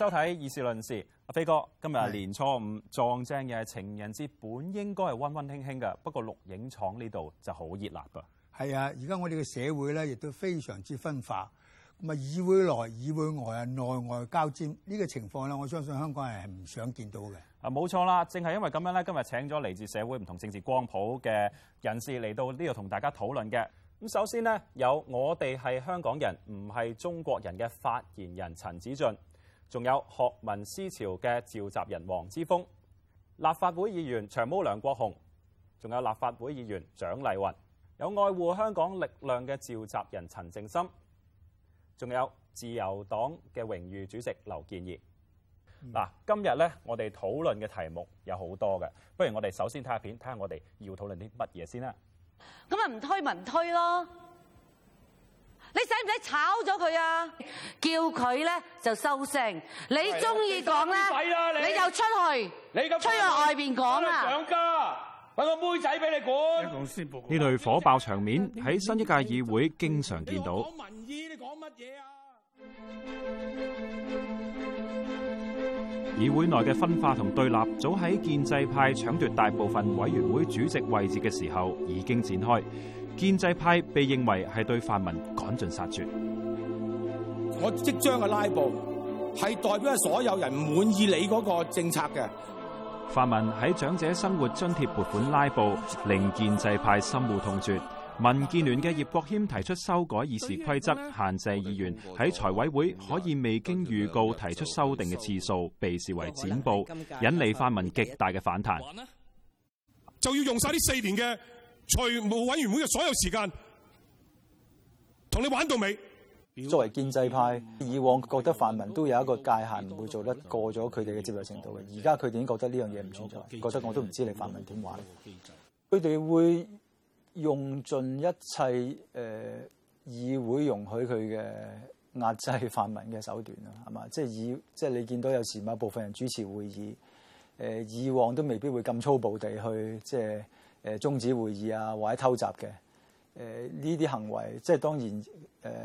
收睇《議事論事》，阿飛哥今日年初五撞正嘅情人節，本應該係溫溫馨馨嘅，不過錄影廠呢度就好熱鬧噃。係啊，而家我哋嘅社會咧，亦都非常之分化，咁啊議會內、議會外啊，內外交戰呢個情況咧，我相信香港人係唔想見到嘅。啊，冇錯啦，正係因為咁樣咧，今日請咗嚟自社會唔同政治光譜嘅人士嚟到呢度同大家討論嘅。咁首先呢，有我哋係香港人，唔係中國人嘅發言人陳子俊。仲有學民思潮嘅召集人黃之鋒，立法會議員長毛梁國雄，仲有立法會議員蔣麗雲，有愛護香港力量嘅召集人陳靜心，仲有自由黨嘅榮譽主席劉健儀。嗱、嗯，今日咧我哋討論嘅題目有好多嘅，不如我哋首先睇下片，睇下我哋要討論啲乜嘢先啦。咁啊，唔推民推咯。你使唔使炒咗佢啊？叫佢咧就收聲。你中意講咧，你就出去，你出去外邊講啊！想家揾個妹仔俾你管。呢類火爆場面喺新一屆議會經常見到。好文你講乜嘢啊？議會內嘅分化同對立，早喺建制派搶奪大部分委員會主席位置嘅時候已經展開。建制派被認為係對泛民趕盡殺絕。我即將嘅拉布係代表啊，所有人唔滿意你嗰個政策嘅。泛民喺長者生活津貼撥款拉布，令建制派深惡痛絕。民建聯嘅葉國謙提出修改議事規則，限制議員喺財委會可以未經預告提出修訂嘅次數，被視為剪布，引嚟泛民極大嘅反彈。就要用晒呢四年嘅，財務委員會嘅所有時間，同你玩到尾？作為建制派，以往覺得泛民都有一個界限，唔會做得過咗佢哋嘅接受程度嘅。而家佢哋已經覺得呢樣嘢唔存在？覺得我都唔知你泛民點玩。佢哋會用盡一切誒、呃、議會容許佢嘅壓制泛民嘅手段啦，係嘛？即係以即係你見到有時某部分人主持會議，誒、呃、以往都未必會咁粗暴地去即係。誒、呃、中止會議啊，或者偷襲嘅，誒呢啲行為，即係當然誒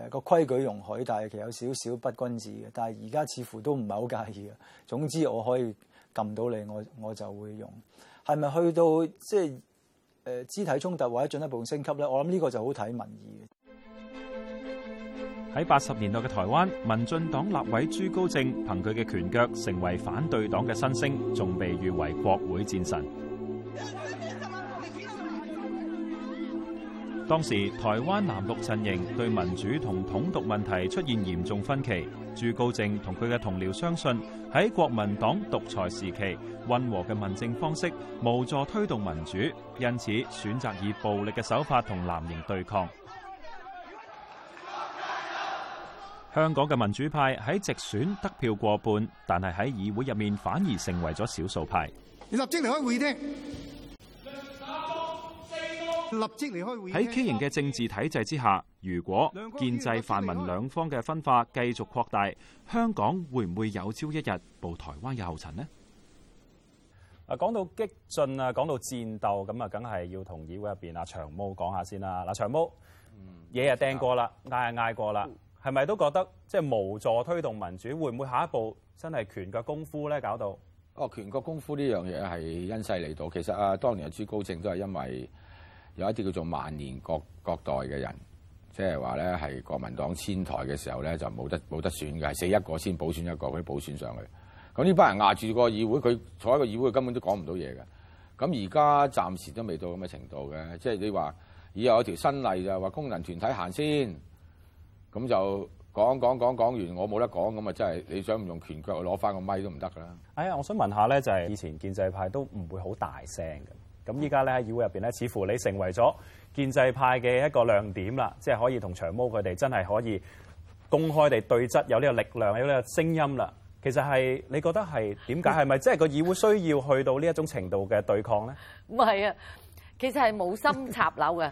個、呃、規矩容許，但係其實有少少不君子嘅。但係而家似乎都唔係好介意嘅。總之我可以撳到你，我我就會用。係咪去到即係誒、呃、肢體衝突或者進一步升級咧？我諗呢個就好睇民意嘅。喺八十年代嘅台灣，民進黨立委朱高正憑佢嘅拳腳成為反對黨嘅新星，仲被譽為國會戰神。當時台灣藍綠陣營對民主同統獨問題出現嚴重分歧，朱高正同佢嘅同僚相信喺國民黨獨裁時期，温和嘅民政方式無助推動民主，因此選擇以暴力嘅手法同藍營對抗。香港嘅民主派喺直選得票過半，但係喺議會入面反而成為咗少數派。你立即離開會議廳。喺畸形嘅政治體制之下，如果建制泛民兩方嘅分化繼續擴大，香港會唔會有朝一日步台灣嘅後塵呢？啊，講到激進啊，講到戰鬥咁啊，梗係要同議會入邊阿長毛講下先啦。嗱，長毛嘢又掟過啦，嗌又嗌過啦，係咪都覺得即係無助推動民主？會唔會下一步真係拳腳功夫咧？搞到哦，拳腳功夫呢樣嘢係因勢利導。其實啊，當年阿朱高正都係因為。有一啲叫做萬年國國代嘅人，即係話咧係國民黨遷台嘅時候咧，就冇得冇得選嘅，係死一個先補選一個可以補選上去。咁呢班人壓住個議會，佢坐喺個議會根本都講唔到嘢嘅。咁而家暫時都未到咁嘅程度嘅，即係你話以後有條新例就係話工人團體行先，咁就講講講，講完我冇得講，咁啊真係你想唔用拳腳攞翻個咪都唔得啦。哎呀，我想問下咧，就係以前建制派都唔會好大聲嘅。咁依家咧喺議會入邊咧，似乎你成為咗建制派嘅一個亮點啦，即係可以同長毛佢哋真係可以公開地對質，有呢個力量，有呢個聲音啦。其實係你覺得係點解？係咪即係個議會需要去到呢一種程度嘅對抗咧？唔係啊，其實係冇心插柳嘅。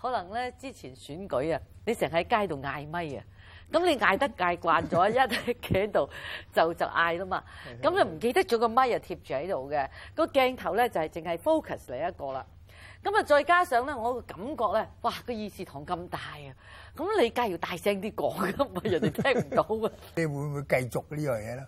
可能咧之前選舉啊，你成日喺街度嗌咪啊！咁 你嗌得嗌慣咗，一企喺度就就嗌啦嘛。咁就唔記得咗個咪又貼住喺度嘅，個鏡頭咧就係淨係 focus 嚟一個啦。咁啊再加上咧，我個感覺咧，哇個議事堂咁大啊，咁你梗係要大聲啲講，唔係人哋聽唔到啊。 你會唔會繼續呢樣嘢咧？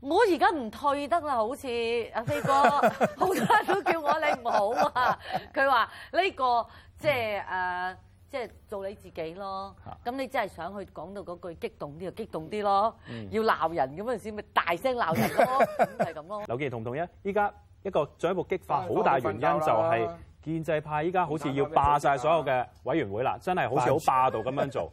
我而家唔退得啦，好似阿飛哥，好 多人都叫我你唔好、這個、啊。佢話呢個即係誒。即係做你自己咯，咁你真係想去講到嗰句激動啲就激動啲咯，要鬧人咁嗰陣時咪大聲鬧人咯，係咁咯。劉健儀同唔同意？依家一個進一步激化，好大原因就係建制派依家好似要霸曬所有嘅委員會啦，真係好似好霸道咁樣做。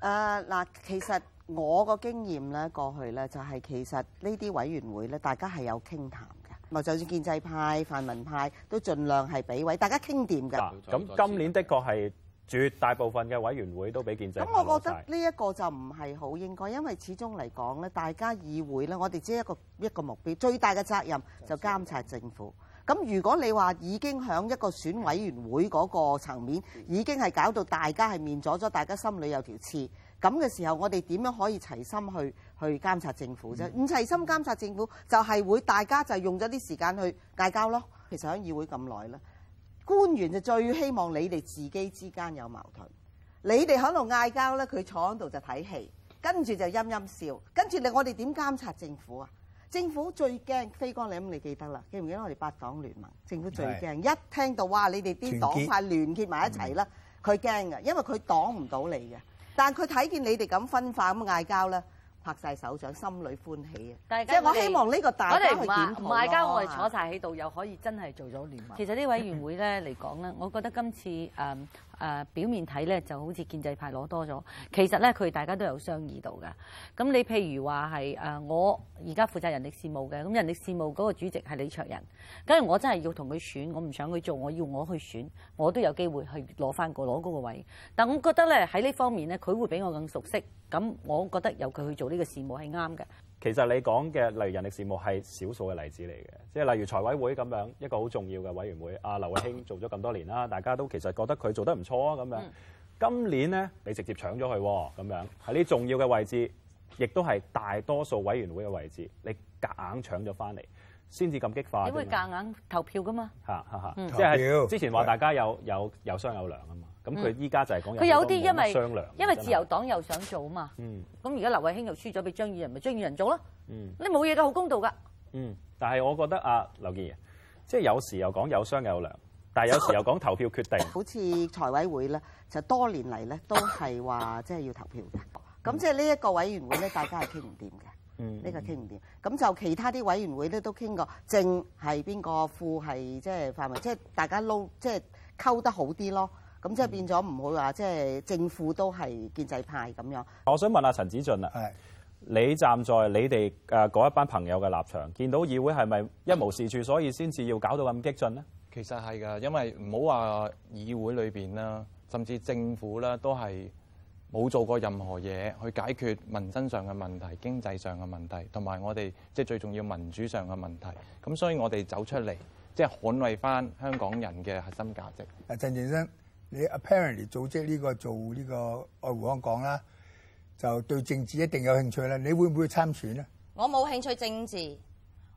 誒嗱，其實我個經驗咧，過去咧，就係其實呢啲委員會咧，大家係有傾談嘅。唔係就算建制派、泛民派都盡量係俾位大家傾掂㗎。嗱，咁今年的確係。絕大部分嘅委員會都俾建制派攞曬。咁我覺得呢一個就唔係好應該，因為始終嚟講咧，大家議會咧，我哋只係一個一個目標，最大嘅責任就監察政府。咁如果你話已經響一個選委員會嗰個層面，已經係搞到大家係面阻阻，大家心裏有條刺，咁嘅時候，我哋點樣可以齊心去去監察政府啫？唔、嗯、齊心監察政府，就係會大家就用咗啲時間去嗌交咯。其實喺議會咁耐咧。官員就最希望你哋自己之間有矛盾，你哋呢，你哋喺度嗌交咧，佢坐喺度就睇戲，跟住就陰陰笑，跟住你我哋點監察政府啊？政府最驚飛光你咁，你記得啦，記唔記得我哋八黨聯盟？政府最驚一聽到哇，你哋啲黨派聯結埋一齊啦，佢驚㗎，因為佢擋唔到你嘅，但係佢睇見你哋咁分化咁嗌交咧。拍晒手掌，心裏歡喜啊！但係即係我希望呢個大家去檢討咯。唔係，而家我哋坐晒喺度，又可以真係做咗聯盟。其實呢委員會咧嚟講咧， 我覺得今次誒。Um, 誒、呃、表面睇咧就好似建制派攞多咗，其實咧佢大家都有商議到嘅。咁你譬如話係誒我而家負責人力事務嘅，咁人力事務嗰個主席係李卓人，假如我真係要同佢選，我唔想佢做，我要我去選，我都有機會去攞翻個攞嗰個位。但我覺得咧喺呢方面咧，佢會比我更熟悉，咁我覺得由佢去做呢個事務係啱嘅。其實你講嘅例如人力事務係少數嘅例子嚟嘅，即係例如財委會咁樣一個好重要嘅委員會。阿劉慧卿做咗咁多年啦，大家都其實覺得佢做得唔錯啊。咁樣、嗯、今年咧，你直接搶咗佢咁樣喺呢重要嘅位置，亦都係大多數委員會嘅位置，你夾硬搶咗翻嚟，先至咁激化。你會夾硬投票噶嘛？嚇嚇嚇！即係之前話大家有有有商有量啊嘛。咁佢依家就係講有，有因為商有量，因為自由黨又想做嘛。咁而家劉慧卿又輸咗俾張宇人，咪、嗯、張宇人做咯，嗯。你冇嘢都好公道噶。嗯，但係我覺得啊，劉建仁，即係有時又講有商有量，但係有時又講投票決定。 好似財委會咧，就多年嚟咧都係話即係要投票嘅。咁即係呢一個委員會咧，大家係傾唔掂嘅。嗯，呢、呢個傾唔掂。咁就其他啲委員會咧都傾過正係邊個，副係即係範圍，即、就、係、是就是、大家撈即係溝得好啲咯。咁即係變咗唔會話，即係政府都係建制派咁樣。我想問阿陳子俊啦，你站在你哋誒嗰一班朋友嘅立場，見到議會係咪一無是處，所以先至要搞到咁激進咧？其實係㗎，因為唔好話議會裏邊啦，甚至政府啦，都係冇做過任何嘢去解決民生上嘅問題、經濟上嘅問題，同埋我哋即係最重要的民主上嘅問題。咁所以我哋走出嚟，即係捍衞翻香港人嘅核心價值。阿鄭鄭生。你 apparently 組織呢個做呢，這個愛護香港啦，就對政治一定有興趣啦。你會唔會參選咧？我冇興趣政治，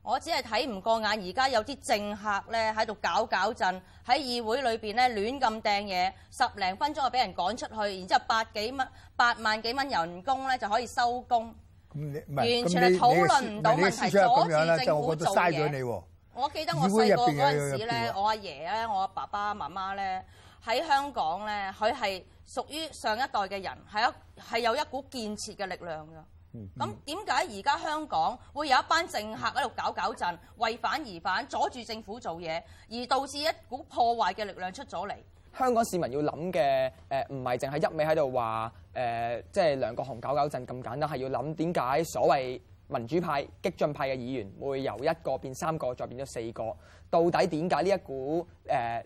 我只係睇唔過眼。而家有啲政客咧喺度搞搞震，喺議會裏邊咧亂咁掟嘢，十零分鐘就俾人趕出去，然之後百幾蚊八萬幾蚊人工咧就可以收工，你完全係討論唔到問題，你的樣阻住政府做嘢。我，你我記得我細個嗰陣時咧，我阿爺咧，我阿爸爸媽媽咧。喺香港咧，佢係屬於上一代嘅人，係一係有一股建設嘅力量㗎。嗯。咁點解而家香港會有一班政客喺度搞搞震，為反而反，阻住政府做嘢，而導致一股破壞嘅力量出咗嚟？香港市民要諗嘅誒，唔係淨係一味喺度話誒，即係梁國雄搞搞震咁簡單，係要諗點解所謂，民主派激進派嘅議員會由一個變三個，再變咗四個。到底點解呢一股誒呢、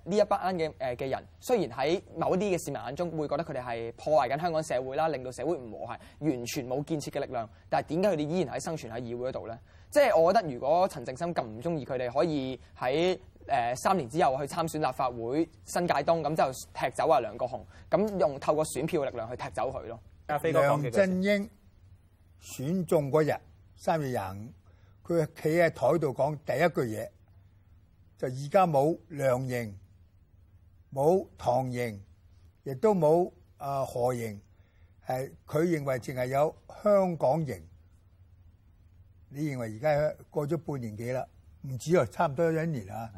呃、一班嘅誒嘅人，雖然喺某啲嘅市民眼中會覺得佢哋係破壞緊香港社會啦，令到社會唔和諧，完全冇建設嘅力量。但係點解佢哋依然喺生存喺議會嗰度咧？即、就、係、是、我覺得，如果陳淨心咁唔中意佢哋，可以喺誒、呃、三年之後去參選立法會新界東，咁之後踢走阿梁國雄，咁用透過選票力量去踢走佢咯、啊。梁振英選中嗰日。三月廿五，佢企喺台度講第一句嘢就：而家冇梁營、冇唐營，亦都冇啊何營。係佢認為淨係有香港營。你認為而家過咗半年幾啦？唔止啊，差唔多一年啦。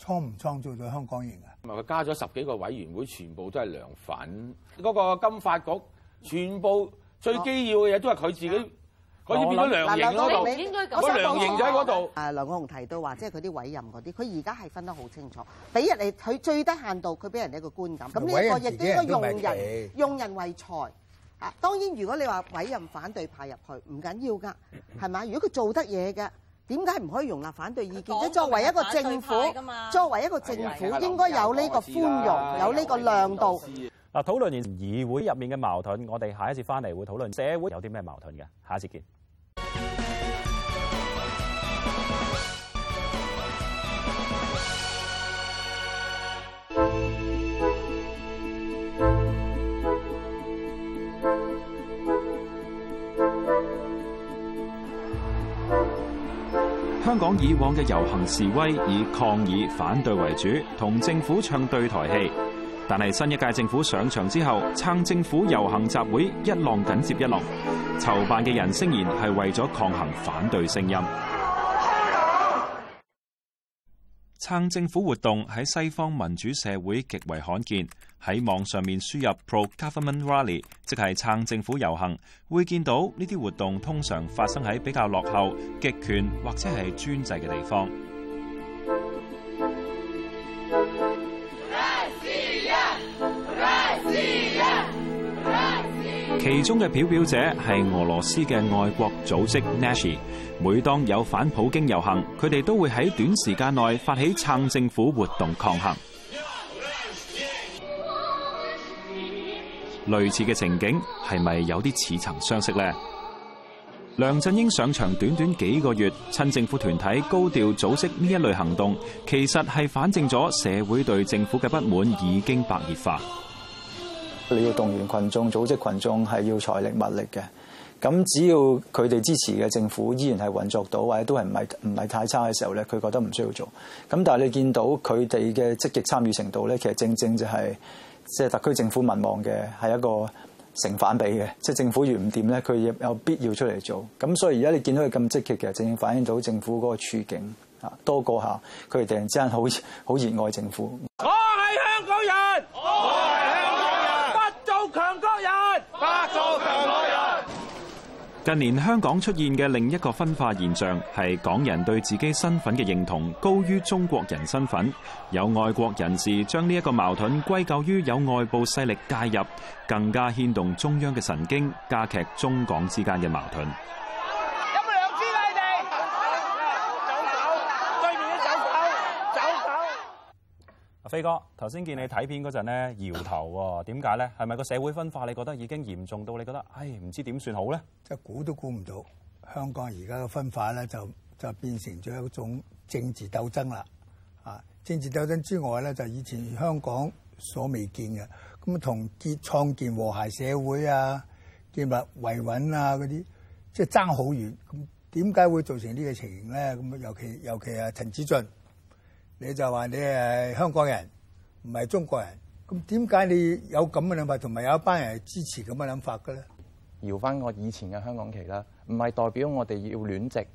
創唔創造到香港營啊？咪加咗十幾個委員會，全部都係梁粉。嗰個金發局，全部最基要嘅嘢都係佢自己。啊可以變咗梁型嗰度，變咗喺嗰度。誒，梁國雄提到話，即係佢啲委任嗰啲，佢而家係分得好清楚，俾人哋，佢最低限度佢俾人一個觀感。咁、嗯、呢個亦都應該用人，用人唯才。啊，當然如果你話委任反對派入去，唔緊要㗎，係咪？ 如果佢做得嘢嘅，點解唔可以容納反對意見？作為一個政府嘛，作為一個政府，哎哎、應該有呢個寬容，有呢個量度。嗱、啊，討論完議會入面嘅矛盾，我哋下一節翻嚟會討論社會有啲咩矛盾嘅，下一節見。講以往嘅遊行示威以抗議反對為主，同政府唱對台戲。但係新一屆政府上場之後，撐政府遊行集會一浪緊接一浪，籌辦嘅人聲言係為咗抗衡反對聲音。撐政府活動喺西方民主社會極為罕見。喺網上面輸入 pro-government rally，即係撐政府遊行，會見到呢啲活動通常發生喺比較落後、極權或者係專制嘅地方。其中嘅表表者係俄羅斯嘅外國組織 Nashi，每當有反普京遊行，佢哋都會喺短時間內發起撐政府活動抗衡。類似嘅情景係咪有啲似曾相識呢？梁振英上場短短幾個月，親政府團體高調組織呢一類行動，其實係反證咗社會對政府嘅不滿已經白熱化。你要動員群眾，組織群眾係要財力物力嘅。咁只要佢哋支持嘅政府依然係運作到，或者都係唔係唔係太差嘅時候咧，佢覺得唔需要做。咁但係你見到佢哋嘅積極參與程度咧，其實正正就係。即係特區政府民望嘅係一個成反比嘅，即係政府越唔掂咧，佢越有必要出嚟做。咁所以而家你見到佢咁積極嘅，正正反映到政府嗰個處境啊多過下。佢哋突然之間好好熱愛政府。我係香港人。近年香港出現嘅另一個分化現象係港人對自己身份嘅認同高於中國人身份，有外國人士將呢一個矛盾歸咎於有外部勢力介入，更加牽動中央嘅神經，加劇中港之間嘅矛盾。飛哥，頭先見你睇片嗰陣咧，搖頭喎，點解咧？係咪個社會分化，你覺得已經嚴重到，你覺得唉，唔知點算好咧？即係估都估唔到，香港而家嘅分化咧，就就變成咗一種政治鬥爭啦。啊，政治鬥爭之外咧，就以前香港所未見嘅，咁同建創建和諧社會啊，建立維穩啊嗰啲，即係爭好遠。咁點解會造成呢個情形咧？咁啊，尤其尤其係陳子俊。你就話你係香港人，唔係中國人，咁點解你有咁嘅諗法，同埋有一班人係支持咁嘅諗法嘅咧？搖翻我以前嘅香港旗啦，唔係代表我哋要戀殖，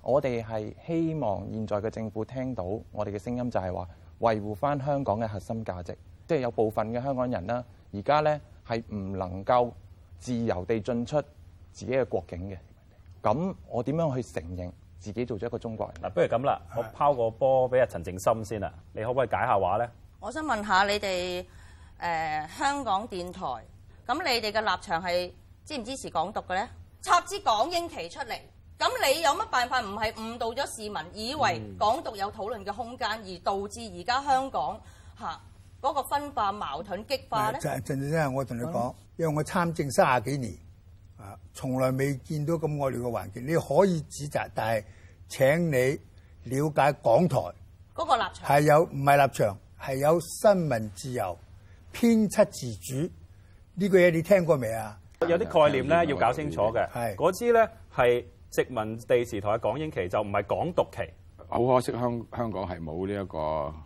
我哋係希望現在嘅政府聽到我哋嘅聲音就係，就係話維護翻香港嘅核心價值。即係有部分嘅香港人啦，而家咧係唔能夠自由地進出自己嘅國境嘅，咁我點樣去承認？自己做咗一個中國人嗱，不如咁啦，我拋個波俾阿陳靜心先啦，你可唔可以解下話咧？我想問下你哋誒、呃、香港電台，咁你哋嘅立場係支唔支持港獨嘅咧？插支港英旗出嚟，咁你有乜辦法唔係誤導咗市民，以為港獨有討論嘅空間，而導致而家香港嚇嗰、呃那個分化、矛盾激化咧？陳靜心，我同你講，因為我參政卅幾年。啊！從來未見到咁惡劣嘅環境，你可以指責，但係請你了解港台嗰、嗰個立場係有，唔係立場係有新聞自由、編輯自主呢句嘢，呢個、你聽過未啊？有啲概念咧要搞清楚嘅。嗰支咧係殖民地時台嘅港英旗，就唔係港獨旗。好可惜，香香港係冇呢一個。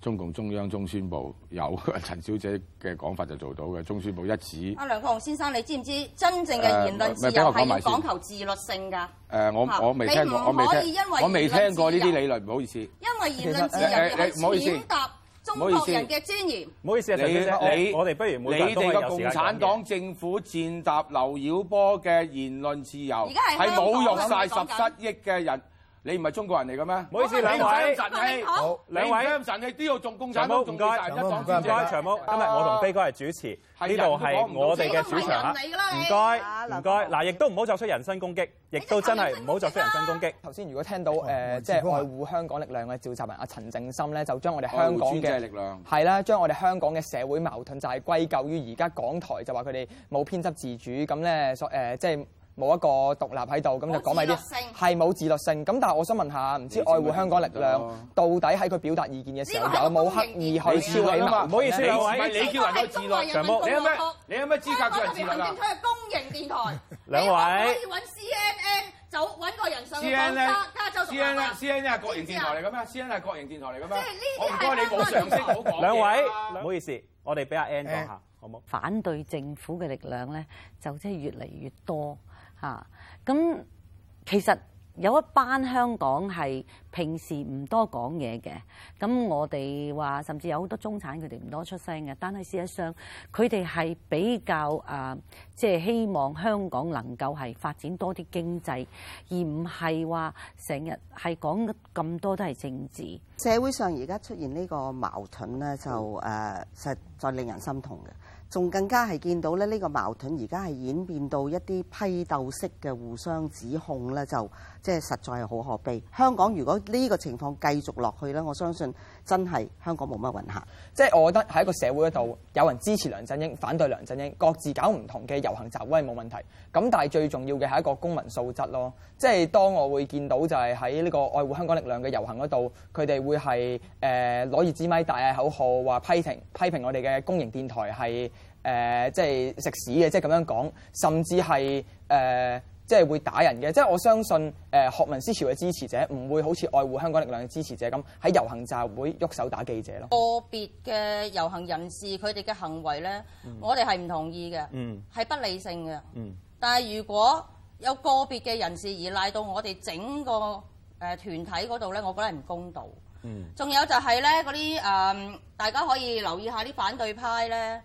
中共中央中宣部有陳小姐嘅講法就做到嘅，中宣部一指：啊「阿梁國雄先生，你知唔知真正嘅言論自由係講求自律性㗎、呃？我我未聽過我未聽過我未聽過呢啲理論，唔好意思。因為言論自由意思。踐踏中國人嘅尊嚴，唔、哎哎、好意思，意思意思你你我哋不如你哋嘅共產黨政府踐踏劉曉波嘅言論自由，係侮辱晒十七億嘅人。你唔係中國人嚟嘅咩？唔好意思，兩位，神氣好，兩位。你神你都要做公仔，長毛唔該，唔該。長毛，今日我同飛哥係主持，呢度係我哋嘅主場啦。唔該，唔該。嗱，亦都唔好作出人身攻擊，亦都真係唔好作出人身攻擊。頭先如果聽到誒，即係愛護香港力量嘅召集人阿陳淨心呢，就將我哋香港嘅係啦，將我哋香港嘅社會矛盾就係歸咎於而家港台，就話佢哋冇編輯自主冇一個獨立喺度，咁就講埋啲，係冇自律性。咁但係我想問下，唔知愛護香港力量到底喺佢表達意見嘅時候有冇刻意去處理嘛？唔好意思，兩位，你叫人自律。你有乜？你有乜資格叫人自律啊？兩位，兩位，兩位，唔好意思，我哋俾阿 N 講下。反對政府嘅力量咧，就即係越嚟越多嚇。咁、啊、其實有一班香港係平時唔多講嘢嘅，咁我哋話甚至有好多中產佢哋唔多出聲嘅，但係事實上佢哋係比較啊，即、就、係、是、希望香港能夠係發展多啲經濟，而唔係話成日係講咁多都係政治。社會上而家出現呢個矛盾咧，就誒實、嗯、在令人心痛嘅。仲更加係見到咧呢個矛盾，而家係演變到一啲批鬥式嘅互相指控咧，就即係實在係好可悲。香港如果呢個情況繼續落去咧，我相信。真係香港冇乜運行，即係我覺得喺一個社會嗰度，有人支持梁振英，反對梁振英，各自搞唔同嘅遊行集會係冇問題。咁，但係最重要嘅係一個公民素質咯。即係當我會見到就係喺呢個愛護香港力量嘅遊行嗰度，佢哋會係誒攞住支咪大嗌口號，話批評批評我哋嘅公營電台係誒、呃、即係食屎嘅，即係咁樣講，甚至係誒。呃即係會打人嘅，即係我相信誒、呃、學民思潮嘅支持者唔會好似愛護香港力量嘅支持者咁喺遊行集會喐手打記者咯。個別嘅遊行人士佢哋嘅行為咧、嗯，我哋係唔同意嘅，係、嗯、不理性嘅、嗯。但係如果有個別嘅人士而賴到我哋整個誒、呃、團體嗰度咧，我覺得係唔公道。仲、嗯、有就係咧嗰啲誒，大家可以留意下啲反對派咧。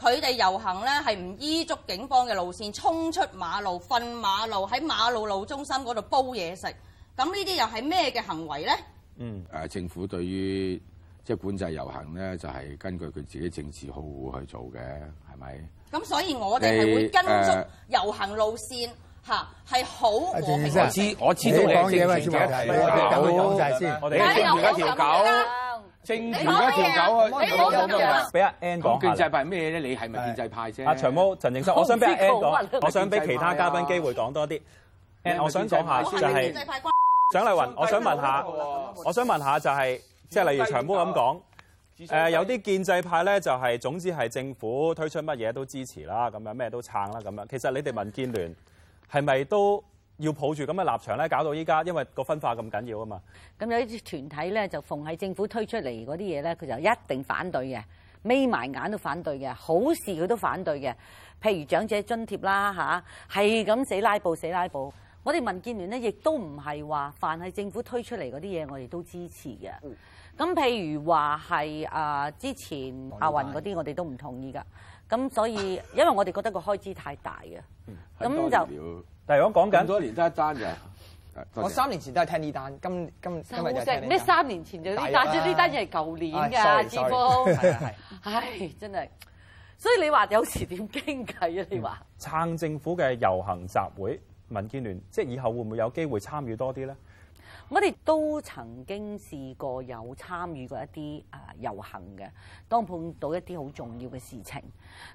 佢哋遊行咧係唔依足警方嘅路線，衝出馬路、瞓馬路，喺馬路路中心嗰度煲嘢食。咁呢啲又係咩嘅行為咧？嗯、呃，政府對於即係、就係、管制遊行咧，就係根據佢自己政治好惡去做嘅，係咪？咁所以我哋係會跟足遊行路線嚇，係好我。其、呃呃、實我、啊、知，我知道我你講嘢啊嘛，先我哋等佢講先。我哋食一條狗？政治一條狗去，俾阿 Ann 講建制派咩咧？你係咪建制派啫？阿長毛陳正生，我想俾阿 Ann 講，我想俾其他嘉賓機會講多啲。Ann，我想講下就係、是，蔣麗芸，我想問下，我想問下就係、是，即係例如長毛咁講，誒有啲建制派咧、就是，就係總之係政府推出乜嘢都支持啦，咁樣咩都撐啦，咁樣其實你哋民建聯係咪都，要抱住咁嘅立場咧，搞到依家，因為個分化咁緊要啊嘛。咁有啲團體咧，就逢係政府推出嚟嗰啲嘢咧，佢就一定反對嘅，眯埋眼都反對嘅，好事佢都反對嘅。譬如長者津貼啦，吓係咁死拉布，死拉布。我哋民建聯咧，亦都唔係話，凡係政府推出嚟嗰啲嘢，我哋都支持嘅。咁、嗯、譬如話係誒之前亞運嗰啲，我哋都唔同意㗎。咁所以，因為我哋覺得個開支太大嘅，咁、 嗯、就了但係我講緊，咗一年都一單嘅。我三年前都係聽呢單，咁今因為聽咩三年前就呢單，呢、啊、單嘢係舊年㗎，知唔知？唉，唉 sorry, sorry 的的的 唉真係，所以你話有時點經計啊？你話、嗯、撐政府嘅遊行集會，民建聯即以後會唔會有機會參與多啲咧？我哋都曾經試過有參與過一啲啊遊行嘅，當碰到一啲好重要嘅事情，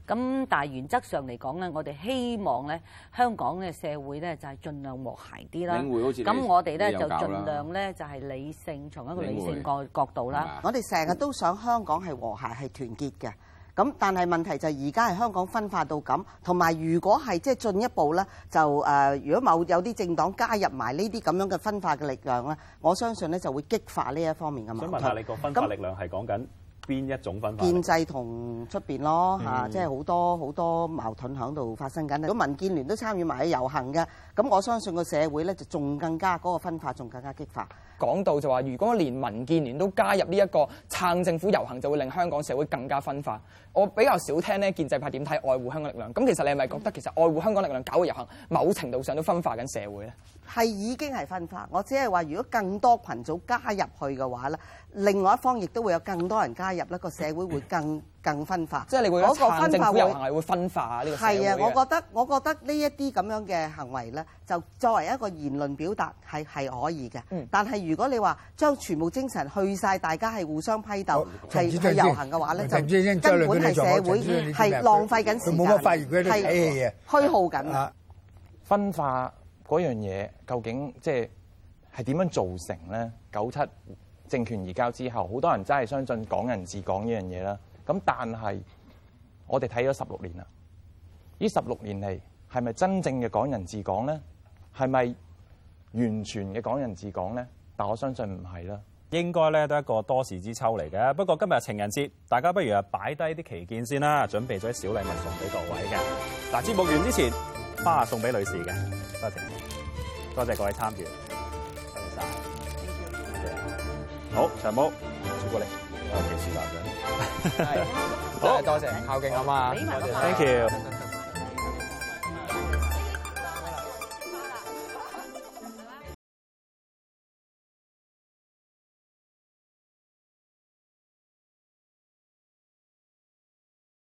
咁但係原則上嚟講咧，我哋希望咧香港嘅社會咧就係盡量和諧啲啦。咁，我哋咧就盡量咧就係理性，從一個理性角度啦。我哋成日都想香港係和諧係團結嘅。咁，但係問題就係而家係香港分化到咁，同埋如果係即係進一步咧，就誒，如果某有啲政黨加入埋呢啲咁樣嘅分化嘅力量咧，我相信咧就會激化呢一方面嘅矛盾。想問下你個分化力量係講緊邊一種分化？建制同出邊咯嚇，即係好多好多矛盾響度發生緊。如果民建聯都參與埋去遊行嘅，咁我相信個社會咧就仲更加嗰個分化，仲更加激化。講到就話，如果連民建聯都加入呢一個撐政府遊行，就會令香港社會更加分化。我比較少聽呢，建制派點睇愛護香港力量。咁其實你係咪覺得其實愛護香港力量搞嘅遊行，某程度上都分化緊社會呢？係已經係分化。我只係話，如果更多群組加入去嘅話咧，另外一方亦都會有更多人加入，呢個社會會更。 更分化，即係你會嗰個分化會有、就是、會分化呢個社會，係啊，我覺得我覺得呢一啲咁樣嘅行為咧，就作為一個言論表達係係可以嘅、嗯。但係如果你話將全部精神去晒，大家係互相批鬥係、嗯、去遊行嘅話咧、嗯，就根本係社會係浪費緊時間，係、嗯、虛耗緊。分化嗰樣嘢究竟即係係點樣造成咧？九七政權移交之後，好多人真係相信港人治港呢樣嘢啦。咁但係，我哋睇咗十六年啦，呢十六年嚟，係咪真正嘅港人治港咧？係咪完全嘅港人治港咧？但我相信唔係啦。應該咧都係一個多事之秋嚟嘅。不過今日情人節，大家不如擺低啲旗幟先啦，準備咗啲小禮物送俾各位嘅。嗱，節目完之前花送俾女士嘅，多謝，多謝各位參與，多謝晒！好，長毛，轉過嚟。多謝，好多謝，孝敬啊嘛，Thank you。